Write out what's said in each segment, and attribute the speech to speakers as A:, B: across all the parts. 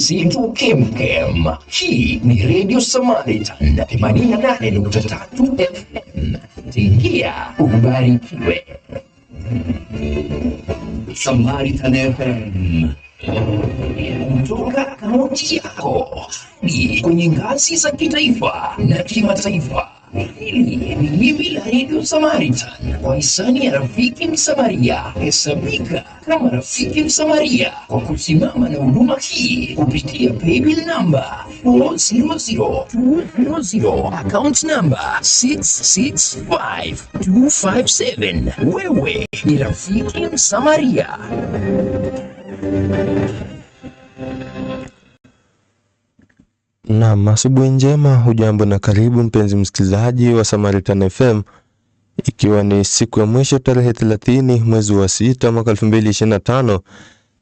A: hizi tukemkem. Hii ni Radio Samaritan 88.3 FM. Tingia ubarikiwe. Samaritan FM kutoka kaunti yako ni kwenye ngazi za kitaifa na kimataifa. Good Samaritan kwa hisani ya rafiki msamaria hesabika kama rafiki msamaria kwa kusimama na huduma hii kupitia paybill number 400200 account number 665257 wewe ni rafiki msamaria
B: Naam, asubuhi njema, hujambo na karibu mpenzi msikilizaji wa Samaritan FM ikiwa ni siku ya mwisho tarehe 30 mwezi wa sita mwaka 2025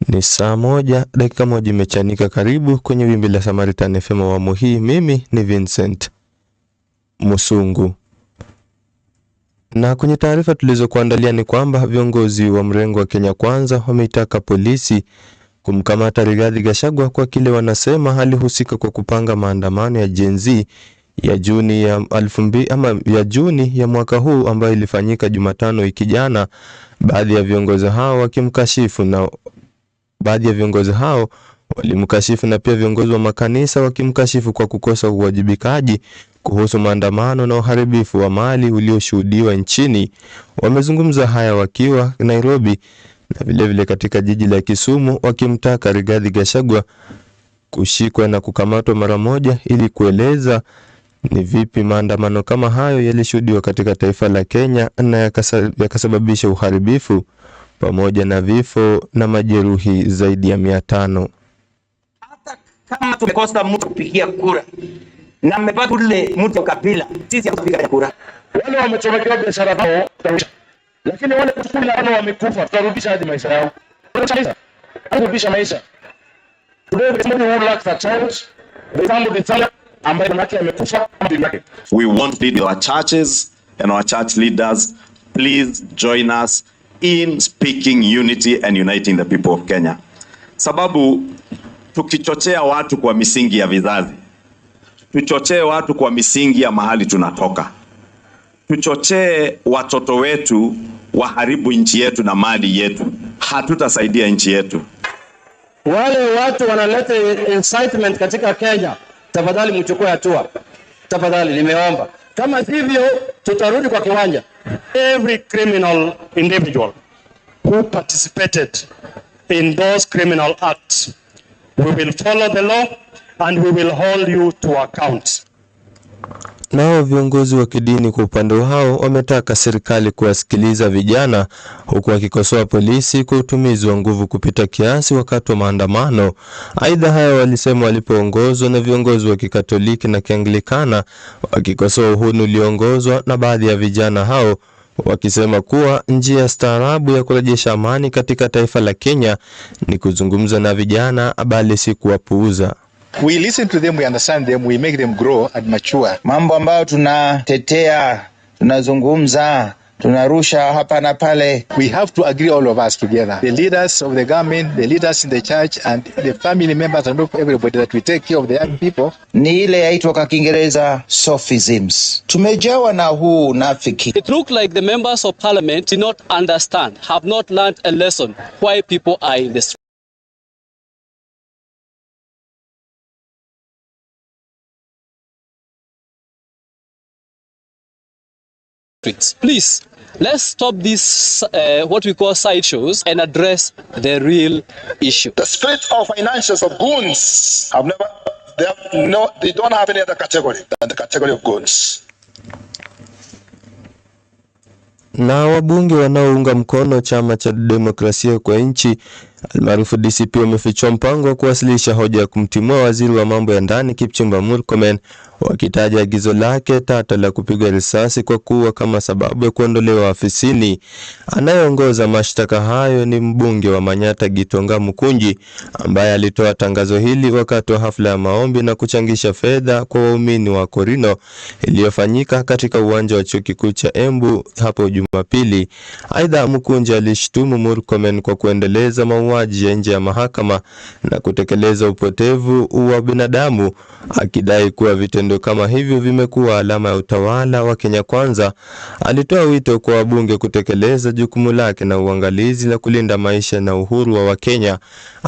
B: ni saa moja dakika moja imechanika. Karibu kwenye wimbi la Samaritan FM awamu hii. Mimi ni Vincent Musungu, na kwenye taarifa tulizokuandalia ni kwamba viongozi wa mrengo wa Kenya Kwanza wameitaka polisi kumkamata Rigathi Gachagua kwa kile wanasema alihusika kwa kupanga maandamano ya Gen Z ya Juni ya elfu mbili ama ya Juni ya mwaka huu ambayo ilifanyika Jumatano wiki jana, baadhi ya viongozi hao wakimkashifu na baadhi ya viongozi hao walimkashifu na pia viongozi wa makanisa wakimkashifu kwa kukosa uwajibikaji kuhusu maandamano na uharibifu wa mali ulioshuhudiwa nchini. Wamezungumza haya wakiwa Nairobi na vilevile katika jiji la Kisumu, wakimtaka Rigathi Gachagua kushikwa na kukamatwa mara moja ili kueleza ni vipi maandamano kama hayo yalishuhudiwa katika taifa la Kenya na yakasababisha uharibifu pamoja na vifo na majeruhi zaidi ya mia tano?
C: Hata kama tumekosa mtu kupigia kura na mmepata ule mtu wa kabila, sisi hatupiga kura. Wale wamechomekewa biashara zao, lakini wale kumi na tano wamekufa, tutarudisha hadi maisha yao, tutarudisha maisha. Today we will lack the the family, the child ambaye mama yake amekufa
D: We want lead our churches and our church leaders please join us in speaking unity and uniting the people of Kenya. Sababu tukichochea watu kwa misingi ya vizazi, tuchochee watu kwa misingi ya mahali tunatoka, tuchochee watoto wetu waharibu nchi yetu na mali yetu, hatutasaidia nchi yetu.
C: Wale watu wanaleta incitement katika Kenya Tafadhali mchukue hatua, tafadhali nimeomba. Kama sivyo, tutarudi kwa kiwanja.
D: Every criminal individual who participated in those criminal acts, we will follow the law and we will hold you to account.
B: Nao viongozi wa kidini kwa upande wao wametaka serikali kuwasikiliza vijana, huku wakikosoa polisi kwa utumizi wa nguvu kupita kiasi wakati wa maandamano. Aidha, hayo walisema walipoongozwa na viongozi wa Kikatoliki na Kianglikana, wakikosoa uhuni ulioongozwa na baadhi ya vijana hao wakisema kuwa njia staarabu ya kurejesha amani katika taifa la Kenya ni kuzungumza na vijana, bali si kuwapuuza.
E: We listen to them, we understand them, we make them grow and mature.
F: Mambo ambayo tunatetea, tunazungumza tunarusha hapa na pale.
E: We have to agree all of us together, the leaders of the government, the leaders in the church and the family members and everybody that we take care of the young people.
F: Ni ile yaitwa kwa Kiingereza sophisms. Tumejawa na huu nafiki.
G: It look like the members of parliament did not understand, have not learned a lesson why people are in the street. districts. Please, let's stop this uh, what we call sideshows and address the real issue.
H: The spirit of financials of goons have never they have no they don't have any other category than the category of goons.
B: Na wabunge wanaounga mkono chama cha demokrasia kwa nchi almaarufu DCP wamefichua mpango wa kuwasilisha hoja ya kumtimua waziri wa mambo ya ndani Kipchumba Murkomen, wakitaja agizo lake tata la kupigwa risasi kwa kuwa kama sababu ya kuondolewa afisini. Anayeongoza mashtaka hayo ni mbunge wa Manyata Gitonga Mukunji, ambaye alitoa tangazo hili wakati wa hafla ya maombi na kuchangisha fedha kwa waumini wa Korino iliyofanyika katika uwanja wa chuo kikuu cha Embu hapo Jumapili. Aidha, Mukunji alishtumu Murkomen kwa kuendeleza mau mauaji ya nje ya mahakama na kutekeleza upotevu wa binadamu, akidai kuwa vitendo kama hivyo vimekuwa alama ya utawala wa Kenya Kwanza. Alitoa wito kwa wabunge kutekeleza jukumu lake na uangalizi na kulinda maisha na uhuru wa Wakenya.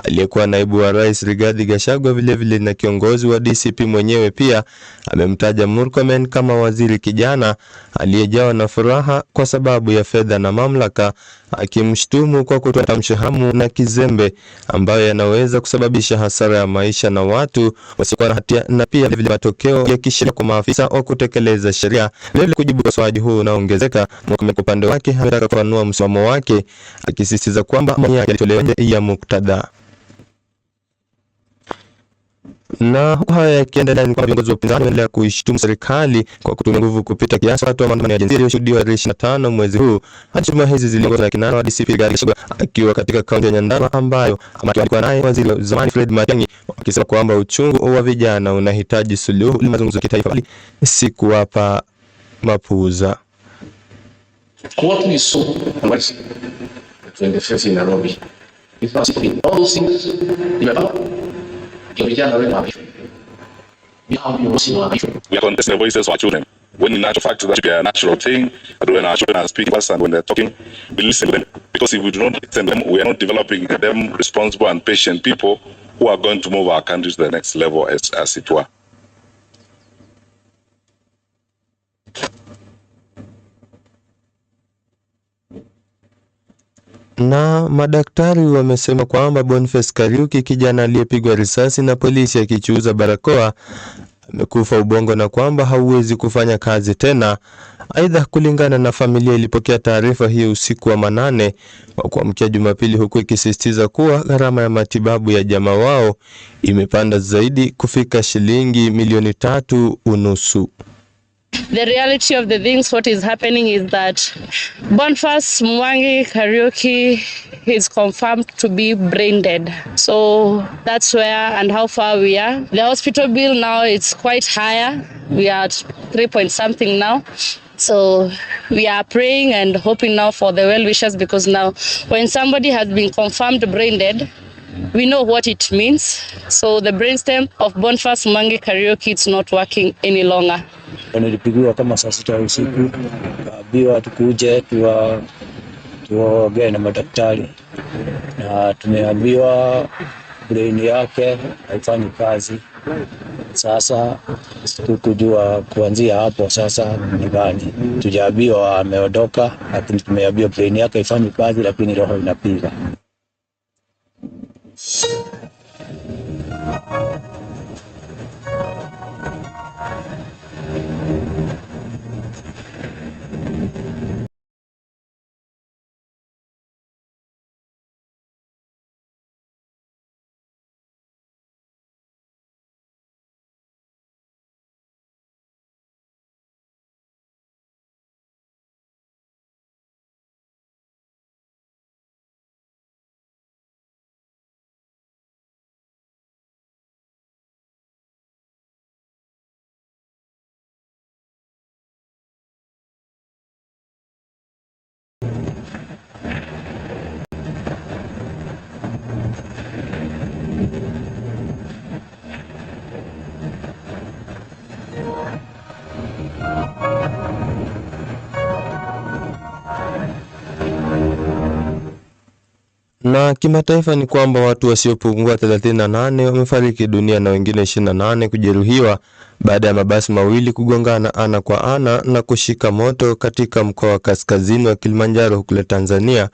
B: Aliyekuwa naibu wa rais Rigathi Gachagua vilevile na kiongozi wa DCP mwenyewe pia amemtaja Murkomen kama waziri kijana aliyejawa na furaha kwa sababu ya fedha na mamlaka, akimshtumu kwa kutoa mshahamu na kizi kizembe ambayo yanaweza kusababisha hasara ya maisha na watu wasiokuwa na hatia na pia vile matokeo ya kisheria kwa maafisa wa kutekeleza sheria. Vile kujibu ukosoaji huu unaongezeka, Murkomen kwa upande wake ametaka kufanua msimamo wake, akisisitiza kwamba maoni yake yalitolewa nje ya muktadha na huku haya yakiendelea, ni kwamba viongozi wa upinzani wanaendelea kuishtumu serikali kwa kutumia nguvu kupita kiasi. Watu wa maandamano ya jinsia iliyoshuhudiwa tarehe ishirini na tano mwezi huu hadi juma hizi ziliongozwa na kinara wa DCP Rigathi Gachagua akiwa katika kaunti ya Nyandarua, ambayo akiandikwa naye waziri wa zamani Fred Matiang'i, wakisema kwamba uchungu wa vijana unahitaji suluhu ili mazungumzo ya kitaifa, bali si kuwapa mapuuza.
I: What We are contesting the
J: voices of our children. When in actual fact that should be a natural thing, when our children are speaking first and when they're talking, we listen to them. Because if we do not listen to them, we are not developing them responsible and patient people who are going to move our country to the next level, as, as it were.
B: na madaktari wamesema kwamba Boniface Kariuki, kijana aliyepigwa risasi na polisi akichuuza barakoa, amekufa ubongo na kwamba hauwezi kufanya kazi tena. Aidha, kulingana na familia, ilipokea taarifa hiyo usiku wa manane wa kuamkia Jumapili, huku ikisisitiza kuwa gharama ya matibabu ya jamaa wao imepanda zaidi kufika shilingi milioni tatu unusu.
K: the reality of the things, what is happening is that Boniface Mwangi Karaoke is confirmed to be brain dead. So that's where and how far we are. The hospital bill now it's quite higher. We are at three point something now. So we are praying and hoping now for the well wishes because now when somebody has been confirmed brain dead, we know what it means. So the brainstem of Boniface Mwangi Karaoke is not working any longer.
L: na nilipigiwa kama saa sita ya usiku, kaambiwa tukuje tuwa tuwaongee na madaktari, na tumeambiwa brain yake haifanyi kazi. Sasa sikujua kuanzia hapo sasa ni gani, tujaambiwa ameondoka, lakini tumeambiwa brain yake haifanyi kazi, lakini roho inapiga.
B: Na kimataifa ni kwamba watu wasiopungua 38 wamefariki dunia na wengine 28 kujeruhiwa baada ya mabasi mawili kugongana ana kwa ana na kushika moto katika mkoa wa kaskazini wa Kilimanjaro kule Tanzania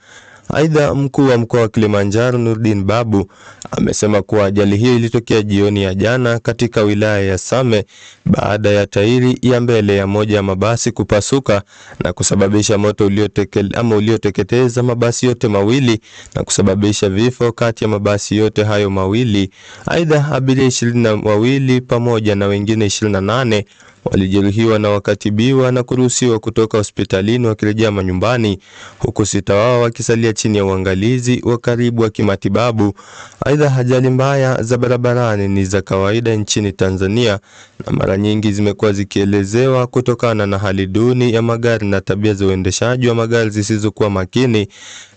B: Aidha, mkuu wa mkoa wa Kilimanjaro Nurdin Babu amesema kuwa ajali hiyo ilitokea jioni ya jana katika wilaya ya Same baada ya tairi ya mbele ya moja ya mabasi kupasuka na kusababisha moto ulioteke, ama ulioteketeza mabasi yote mawili na kusababisha vifo kati ya mabasi yote hayo mawili. Aidha, abiria ishirini na wawili pamoja na wengine 28 walijeruhiwa na wakatibiwa na kuruhusiwa kutoka hospitalini wakirejea manyumbani, huku sita wao wakisalia chini ya uangalizi wa karibu wa kimatibabu. Aidha, ajali mbaya za barabarani ni za kawaida nchini Tanzania na mara nyingi zimekuwa zikielezewa kutokana na hali duni ya magari na tabia za uendeshaji wa magari zisizokuwa makini.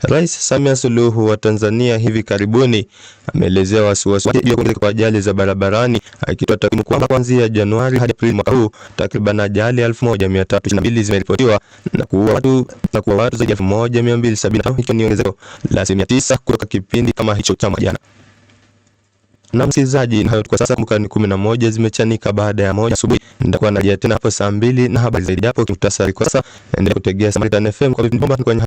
B: Rais Samia Suluhu wa Tanzania hivi karibuni ameelezea wasiwasi wake kwa ajali za barabarani, akitoa takwimu kwamba kuanzia Januari hadi Aprili mwaka huu Takriban ajali 1322 zimeripotiwa na kuua watu na kuua watu zaidi ya 1275 hicho ni ongezeko la asilimia tisa kutoka kipindi kama hicho cha mwaka jana. Na msikilizaji, na hayo kwa sasa. Kumbuka ni 11 zimechanika baada ya moja asubuhi. Nitakuwa narejea tena hapo saa mbili na habari zaidi, hapo. muhtasari kwa sasa. Endelea kutegea Samaritan FM kwa vipindi kwenye